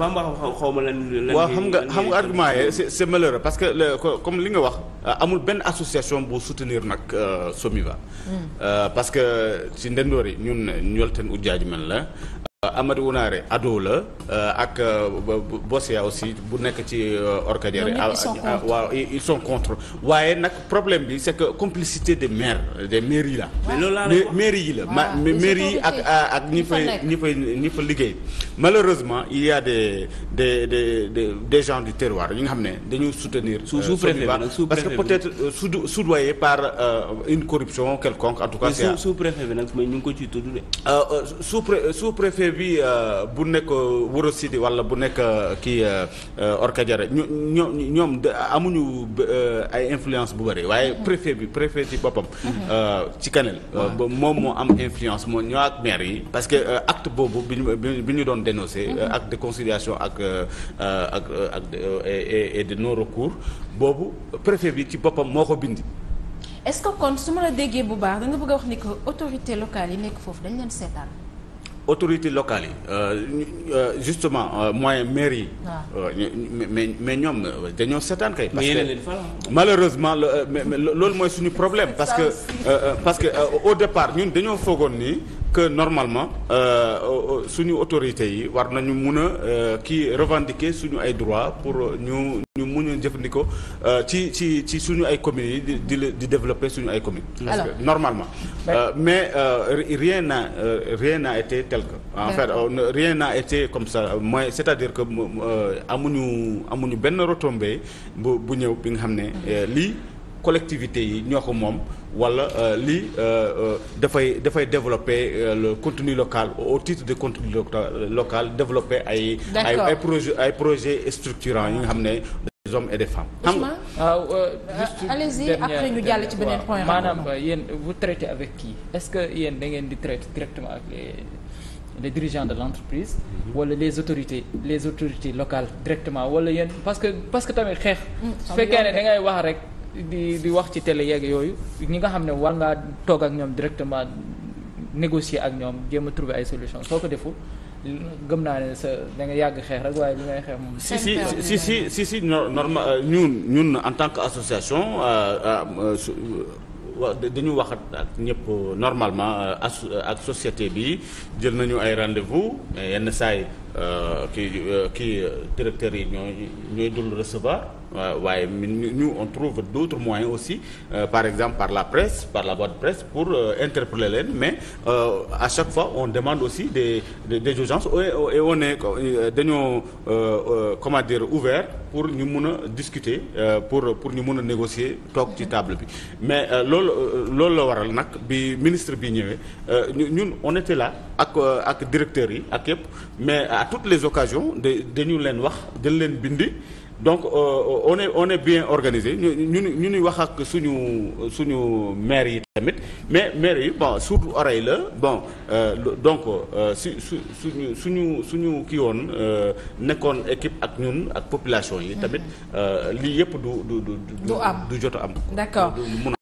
ma lan lan waaw xam nga xam nga argument yi c'est c'est malheureux parce que comme li nga wax euh, amul benn association bu soutenir nag euh, SOMIVA hmm. euh, parce que ci ndendoor yi ñun ñolteen ujjaaji men la Euh, Amadou Wunaare ado la euh, ak euh, Bosia aussi bu nekk ci Orkadiéré ah, waaw ils son contre waaye nag problème bi c'est que complicité des maires des maires yi la mairie yi la ma mairie yi ak ak ñi fay ñi fay ñi fa liggéey malheureusement il y a des des des des gens du terroir yi nga xam ne dañu soutenir sous-préfet parce que peut-être sous soudoyé par une corruption quelconque en tout cas sous-préfet bi nag ñu ngi ko ciy tudd de sous-préfet projet bi euh, bu nekk Wuro Sidi wala bu nekk euh, kii Orkadiéré ñu ñoo ñoom amuñu euh, ay influence bu bëri waaye préfet bi préfet ci boppam. Mhm. ci Kanel. moom moo am influence moo ñoo ak maire yi. parce que acte boobu bi ñu bi ñu doon dénoncé. Mhm. acte de conciliation ak ak ak et de non recours boobu préfet bi ci boppam moo ko bindi est que kon su ma la déggee bu baax da nga bëgg a wax ni que autorité locale yi nekk foofu dañ leen seetaan. autorités locales yi euh, euh, justement euh, moyen maire yi. Ah. mais mais ñoom dañoo seetaan kay. parce que malheureusement loolu mooy suñu problème. parce que parce que au départ ñun dañoo foogoon nii. que normalement euh, euh, suñu autorités yi war nañu mun a euh, kii revendiquer suñu ay droits pour ñu ñu mun a jëfandikoo ci ci ci suñu ay communes yi di di di développer suñu ay communes. parce normalement. mais rien n'a rien n'a été tel que. en fait rien n'a été comme ça mooy c'est-à-dire que amuñu amuñu benn retombée bu bu ñëw bi nga xam ne lii. collectivité yi ñoo ko moom wala euh, li euh, euh, dafay dafay développer le contenu local au titre de continue local développer ay ay projet ay projet structurants yi nga xam ne des hommes et des femmes xam nga waaw ah, juste après ñu jàll ci beneen point maanaam yéen vous traitez avec qui est-ce que yéen da ngeen di traiter directement ak les les dirigeants de l'entreprise mhm. wala les autorités les autorités locales directement wala yéen parce que parce que tamit xeex mm, fekkee ne wax rek di di wax ci télé yeeg yooyu ñi nga xam ne war ngaa toog ak ñoom directement négocier ak ñoom jéem trouver ay solution soo ko defu gëm naa ne sa da nga yàgg xeex rek waaye li ngay xeex moom. si si si si si euh, ñun ñun en tant que association. Euh, euh, waaw dañu wax ak ñëpp normalement ak société bi jël nañu ay rendez-vous yenn saa yi ki kii directeurs yi ñooy ñooy dul recevoir. Euh, waaye ñu on trouve d'autres moyens aussi euh, par exemple par la presse par la boîte de presse pour euh, interpeller leen mais à chaque fois on demande aussi des des urgences et on est dañoo comment dire ouvert pour ñu mun a discuter pour pour ñu mun a négocier toog ci table bi mais loolu loolu la waral nag bi ministre bi ñëwee ñun on était là ak ak directeurs yi ak yëpp mais à toutes les occasions dañu leen wax dañ leen bindi donc euh, on est on est bien organisé ñu ñu ñu ñuy wax ak suñu suñu maire yi tamit mais maire yi bon surtout oreille la bon euh, donc euh, su su suñu suñu suñu kii woon nekkoon équipe ak ñun ak population yi. tamit lii yëpp du du du. du am du jot a am. d'accord.